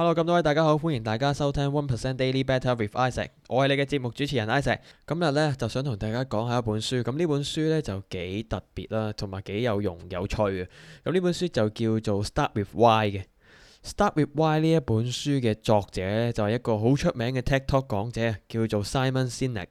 hello，咁多位大家好，歡迎大家收聽 One Percent Daily Better with Isaac，我係你嘅節目主持人 Isaac，今日呢，就想同大家講下一本書，咁呢本書呢，就幾特別啦，同埋幾有用有趣嘅，咁呢本書就叫做 Start with Why 嘅。Start with Why 呢一本書嘅作者呢就係一個好出名嘅 TikTok 講者，叫做 Simon Sinek。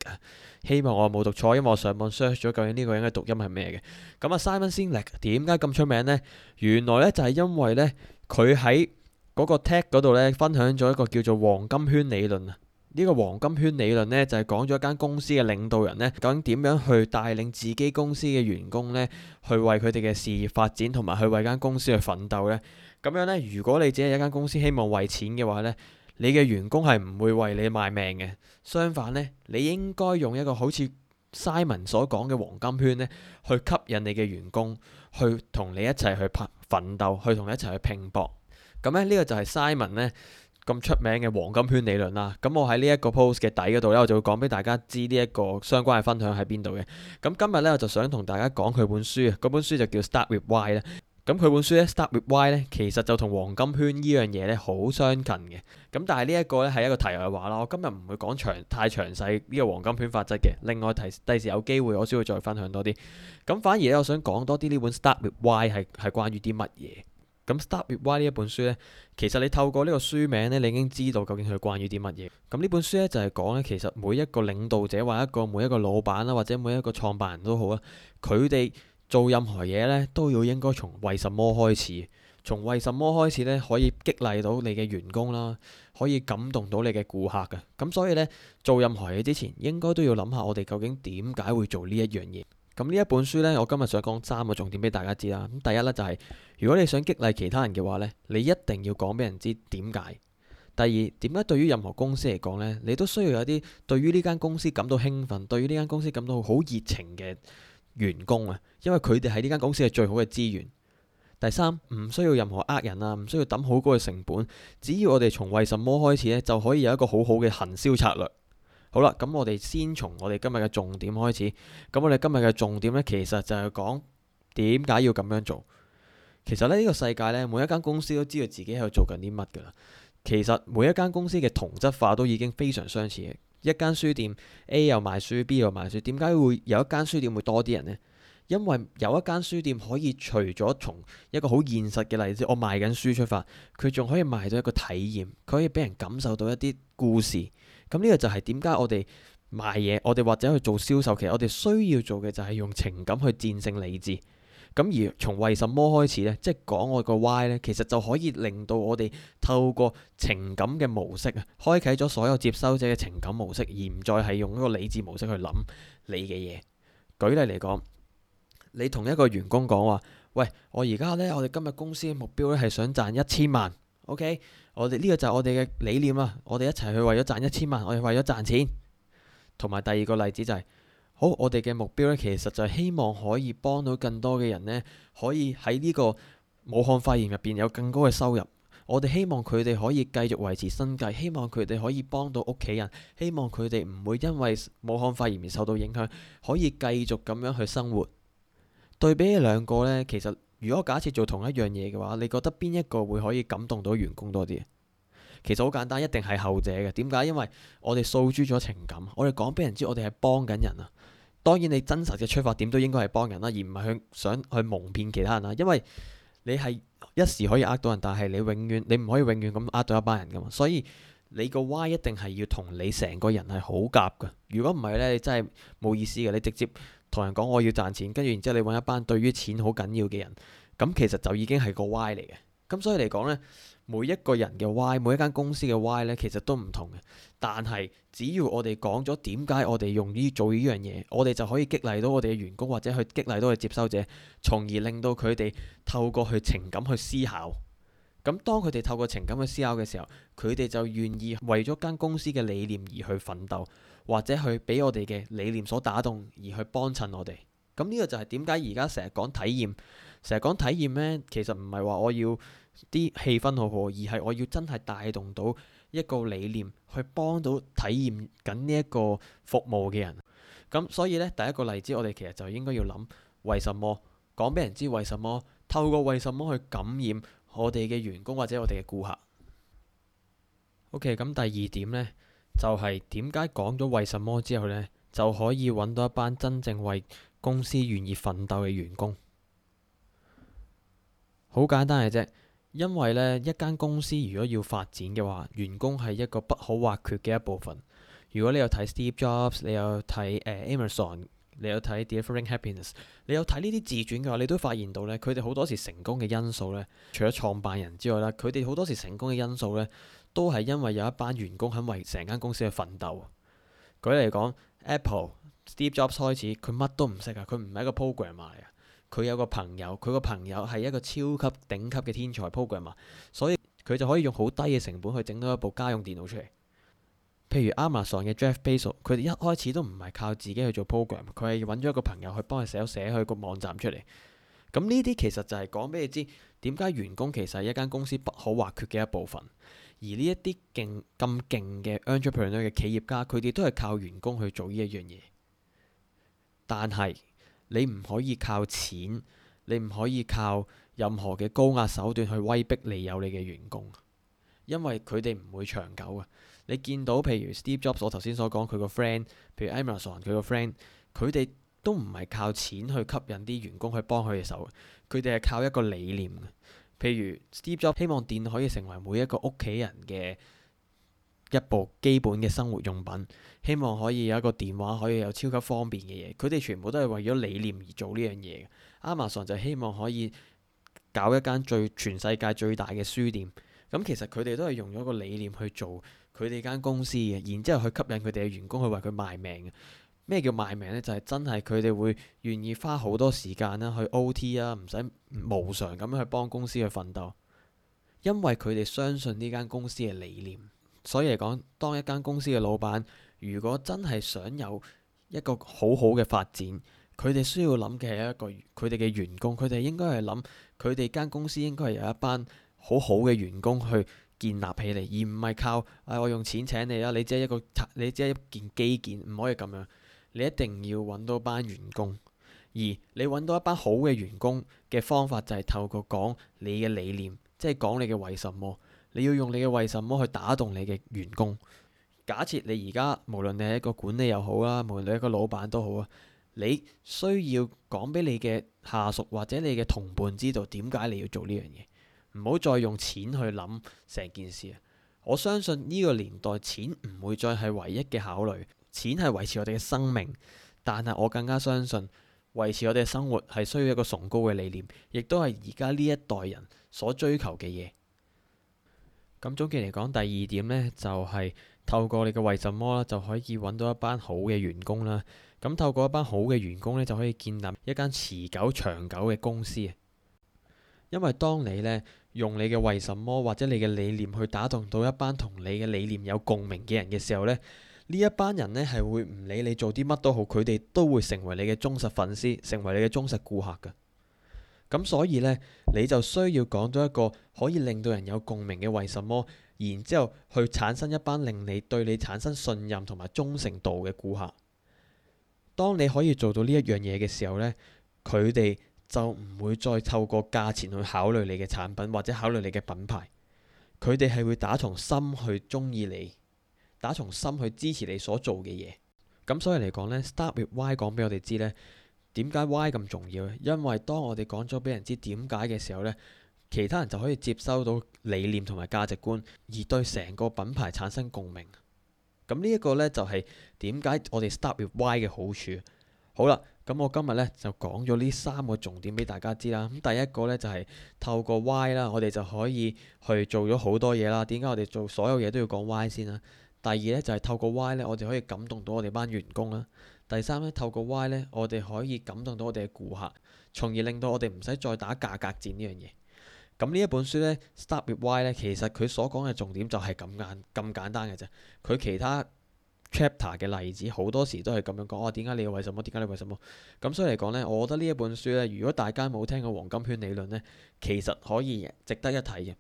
希望我冇讀錯，因為我上網 search 咗究竟呢個人嘅讀音係咩嘅。咁啊，Simon Sinek 點解咁出名呢？原來呢，就係因為呢，佢喺。嗰個 tag 嗰度咧，分享咗一個叫做黃金圈理論啊。呢個黃金圈理論咧，就係講咗一間公司嘅領導人咧，究竟點樣去帶領自己公司嘅員工咧，去為佢哋嘅事業發展，同埋去為間公司去奮鬥咧。咁樣咧，如果你只係一間公司希望為錢嘅話咧，你嘅員工係唔會為你賣命嘅。相反咧，你應該用一個好似 Simon 所講嘅黃金圈咧，去吸引你嘅員工去同你一齊去拚奮鬥，去同你一齊去拼搏。咁咧呢個就係 Simon 咧咁出名嘅黃金圈理論啦。咁、嗯、我喺呢一個 post 嘅底嗰度咧，我就會講俾大家知呢一個相關嘅分享喺邊度嘅。咁、嗯、今日咧我就想同大家講佢本書啊，嗰本書就叫 Start with Why 啦。咁、嗯、佢本書咧 Start with Why 咧，其實就同黃金圈呢樣嘢咧好相近嘅。咁、嗯、但係呢一個咧係一個題外話啦。我今日唔會講長太詳細呢個黃金圈法則嘅。另外提第時有機會我先會再分享多啲。咁、嗯、反而咧我想講多啲呢本 Start with Why 係係關於啲乜嘢？咁《Start with Why》呢一本書呢？其實你透過呢個書名呢，你已經知道究竟佢係關於啲乜嘢。咁呢本書呢，就係講呢，其實每一個領導者或一個每一個老闆啦，或者每一個創辦人都好啦，啊，佢哋做任何嘢呢，都要應該從為什麼開始，從為什麼開始呢，可以激勵到你嘅員工啦，啊，可以感動到你嘅顧客嘅，啊。咁所以呢，做任何嘢之前，應該都要諗下我哋究竟點解會做呢一樣嘢。咁呢一本書呢，我今日想講三個重點俾大家知啦。咁第一呢，就係，如果你想激勵其他人嘅話呢，你一定要講俾人知點解。第二，點解對於任何公司嚟講呢，你都需要有啲對於呢間公司感到興奮、對於呢間公司感到好熱情嘅員工啊，因為佢哋喺呢間公司係最好嘅資源。第三，唔需要任何呃人啊，唔需要抌好高嘅成本，只要我哋從為什麼開始呢，就可以有一個好好嘅行銷策略。好啦，咁我哋先從我哋今日嘅重點開始。咁我哋今日嘅重點咧，其實就係講點解要咁樣做。其實呢，呢個世界咧，每一間公司都知道自己喺度做緊啲乜噶啦。其實每一間公司嘅同質化都已經非常相似。一間書店 A 又賣書，B 又賣書，點解會有一間書店會多啲人呢？因為有一間書店可以除咗從一個好現實嘅例子，我賣緊書出發，佢仲可以賣到一個體驗，佢可以俾人感受到一啲故事。咁呢個就係點解我哋賣嘢，我哋或者去做銷售，其實我哋需要做嘅就係用情感去戰勝理智。咁而從為什麼開始呢？即係講我個 why 呢，其實就可以令到我哋透過情感嘅模式啊，開啟咗所有接收者嘅情感模式，而唔再係用一個理智模式去諗你嘅嘢。舉例嚟講，你同一個員工講話：喂，我而家呢，我哋今日公司嘅目標呢，係想賺一千萬。O.K. 我哋呢個就係我哋嘅理念啊！我哋一齊去為咗賺一千萬，我哋為咗賺錢。同埋第二個例子就係，好，我哋嘅目標咧，其實就係希望可以幫到更多嘅人呢，可以喺呢個武漢肺炎入邊有更高嘅收入。我哋希望佢哋可以繼續維持生計，希望佢哋可以幫到屋企人，希望佢哋唔會因為武漢肺炎而受到影響，可以繼續咁樣去生活。對比呢兩個咧，其實。如果假設做同一樣嘢嘅話，你覺得邊一個會可以感動到員工多啲？其實好簡單，一定係後者嘅。點解？因為我哋訴諸咗情感，我哋講俾人知，我哋係幫緊人啊。當然，你真實嘅出發點都應該係幫人啦，而唔係去想去蒙騙其他人啊。因為你係一時可以呃到人，但係你永遠你唔可以永遠咁呃到一班人㗎嘛。所以你個 Y 一定係要同你成個人係好夾㗎。如果唔係呢，你真係冇意思嘅。你直接。同人講我要賺錢，跟住然之後你揾一班對於錢好緊要嘅人，咁其實就已經係個 why 嚟嘅。咁所以嚟講呢，每一個人嘅 why，每一間公司嘅 why 呢，其實都唔同嘅。但係只要我哋講咗點解我哋用於做呢樣嘢，我哋就可以激勵到我哋嘅員工或者去激勵到嘅接收者，從而令到佢哋透過佢情感去思考。咁當佢哋透過情感去思考嘅時候，佢哋就願意為咗間公司嘅理念而去奮鬥，或者去俾我哋嘅理念所打動而去幫襯我哋。咁呢個就係點解而家成日講體驗，成日講體驗呢，其實唔係話我要啲氣氛好好，而係我要真係帶動到一個理念去幫到體驗緊呢一個服務嘅人。咁所以呢，第一個例子我哋其實就應該要諗為什麼講俾人知，為什麼透過為什麼去感染我哋嘅員工或者我哋嘅顧客。O.K. 咁第二點呢，就係點解講咗為什麼之後呢，就可以揾到一班真正為公司願意奮鬥嘅員工？好簡單嘅啫，因為呢一間公司如果要發展嘅話，員工係一個不可或缺嘅一部分。如果你有睇 Steve Jobs，你有睇、呃、Amazon。你有睇《Differing Happiness》，你有睇呢啲自傳嘅話，你都發現到呢，佢哋好多時成功嘅因素呢，除咗創辦人之外啦，佢哋好多時成功嘅因素呢，都係因為有一班員工肯為成間公司去奮鬥。舉例講，Apple Steve Jobs 開始，佢乜都唔識啊，佢唔係一個 programmer 嚟啊，佢有個朋友，佢個朋友係一個超級頂級嘅天才 programmer，所以佢就可以用好低嘅成本去整到一部家用電腦出嚟。譬如 Amazon 嘅 Jeff Bezos，佢哋一開始都唔係靠自己去做 program，佢係揾咗一個朋友去幫佢寫寫佢個網站出嚟。咁呢啲其實就係講俾你知，點解員工其實係一間公司不可或缺嘅一部分。而呢一啲勁咁勁嘅 entrepreneur 嘅企業家，佢哋都係靠員工去做呢一樣嘢。但係你唔可以靠錢，你唔可以靠任何嘅高壓手段去威逼利誘你嘅員工，因為佢哋唔會長久嘅。你見到譬如 Steve Jobs，我頭先所講佢個 friend，譬如 Amazon 佢個 friend，佢哋都唔係靠錢去吸引啲員工去幫佢哋手，佢哋係靠一個理念。譬如 Steve Jobs 希望電可以成為每一個屋企人嘅一部基本嘅生活用品，希望可以有一個電話可以有超級方便嘅嘢。佢哋全部都係為咗理念而做呢樣嘢。Amazon 就希望可以搞一間最全世界最大嘅書店。咁其實佢哋都係用咗一個理念去做。佢哋間公司嘅，然之後去吸引佢哋嘅員工去為佢賣命。咩叫賣命呢？就係真係佢哋會願意花好多時間啦，去 O.T. 啊，唔使無常咁樣去幫公司去奮鬥。因為佢哋相信呢間公司嘅理念，所以嚟講，當一間公司嘅老闆，如果真係想有一個好好嘅發展，佢哋需要諗嘅係一個佢哋嘅員工，佢哋應該係諗佢哋間公司應該係有一班好好嘅員工去。建立起嚟，而唔係靠誒、哎、我用錢請你啦，你只係一個，你只係一件基建，唔可以咁樣。你一定要揾到班員工，而你揾到一班好嘅員工嘅方法就係透過講你嘅理念，即係講你嘅為什麼，你要用你嘅為什麼去打動你嘅員工。假設你而家無論你係一個管理又好啦，無論你係一個老闆都好啊，你需要講俾你嘅下屬或者你嘅同伴知道點解你要做呢樣嘢。唔好再用錢去諗成件事啊！我相信呢個年代錢唔會再係唯一嘅考慮，錢係維持我哋嘅生命，但係我更加相信維持我哋嘅生活係需要一個崇高嘅理念，亦都係而家呢一代人所追求嘅嘢。咁總結嚟講，第二點呢就係、是、透過你嘅為什麼啦，就可以揾到一班好嘅員工啦。咁透過一班好嘅員工呢，就可以建立一間持久、長久嘅公司。因為當你呢，用你嘅為什麼或者你嘅理念去打動到一班同你嘅理念有共鳴嘅人嘅時候呢，呢一班人呢係會唔理你做啲乜都好，佢哋都會成為你嘅忠實粉絲，成為你嘅忠實顧客㗎。咁所以呢，你就需要講到一個可以令到人有共鳴嘅為什麼，然之後去產生一班令你對你產生信任同埋忠誠度嘅顧客。當你可以做到呢一樣嘢嘅時候呢，佢哋。就唔會再透過價錢去考慮你嘅產品，或者考慮你嘅品牌，佢哋係會打從心去中意你，打從心去支持你所做嘅嘢。咁所以嚟講呢，「Start with Y」講俾我哋知呢，點解 Y 咁重要咧？因為當我哋講咗俾人知點解嘅時候呢，其他人就可以接收到理念同埋價值觀，而對成個品牌產生共鳴。咁呢一個呢，就係點解我哋 Start with Y 嘅好處。好啦。咁我今日咧就講咗呢三個重點俾大家知啦。咁第一個咧就係、是、透過 Why 啦，我哋就可以去做咗好多嘢啦。點解我哋做所有嘢都要講 Why 先啊？第二咧就係、是、透過 Why 咧，我哋可以感動到我哋班員工啦。第三咧透過 Why 咧，我哋可以感動到我哋嘅顧客，從而令到我哋唔使再打價格戰呢樣嘢。咁、嗯、呢一本書咧《Start With Why》咧，其實佢所講嘅重點就係咁簡咁簡單嘅啫。佢其他 chapter 嘅例子好多時都係咁樣講啊，點解你為什麼？點解你為什麼？咁所以嚟講呢，我覺得呢一本書呢，如果大家冇聽過黃金圈理論呢，其實可以值得一睇嘅。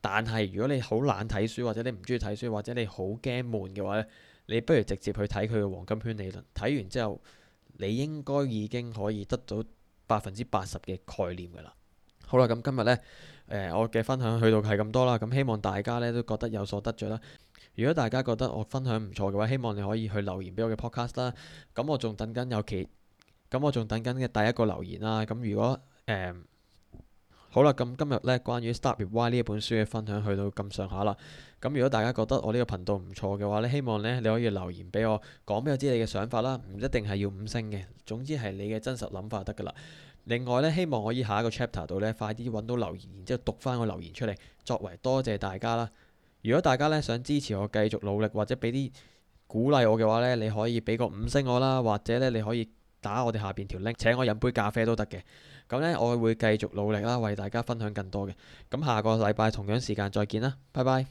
但係如果你好懶睇書，或者你唔中意睇書，或者你好驚悶嘅話呢，你不如直接去睇佢嘅黃金圈理論。睇完之後，你應該已經可以得到百分之八十嘅概念㗎啦。好啦，咁今日呢，呃、我嘅分享去到係咁多啦。咁希望大家呢，都覺得有所得著啦。如果大家覺得我分享唔錯嘅話，希望你可以去留言俾我嘅 podcast 啦。咁我仲等緊有其，咁我仲等緊嘅第一個留言啦。咁如果誒、呃、好啦，咁今日呢關於《Start with Why》呢一本書嘅分享去到咁上下啦。咁如果大家覺得我呢個頻道唔錯嘅話呢，希望呢你可以留言俾我，講俾我知你嘅想法啦。唔一定係要五星嘅，總之係你嘅真實諗法得噶啦。另外呢，希望我可以下一個 chapter 度呢，快啲揾到留言，然之後讀翻個留言出嚟，作為多謝大家啦。如果大家咧想支持我繼續努力，或者俾啲鼓勵我嘅話咧，你可以俾個五星我啦，或者咧你可以打我哋下邊條 link，請我飲杯咖啡都得嘅。咁咧我會繼續努力啦，為大家分享更多嘅。咁下個禮拜同樣時間再見啦，拜拜。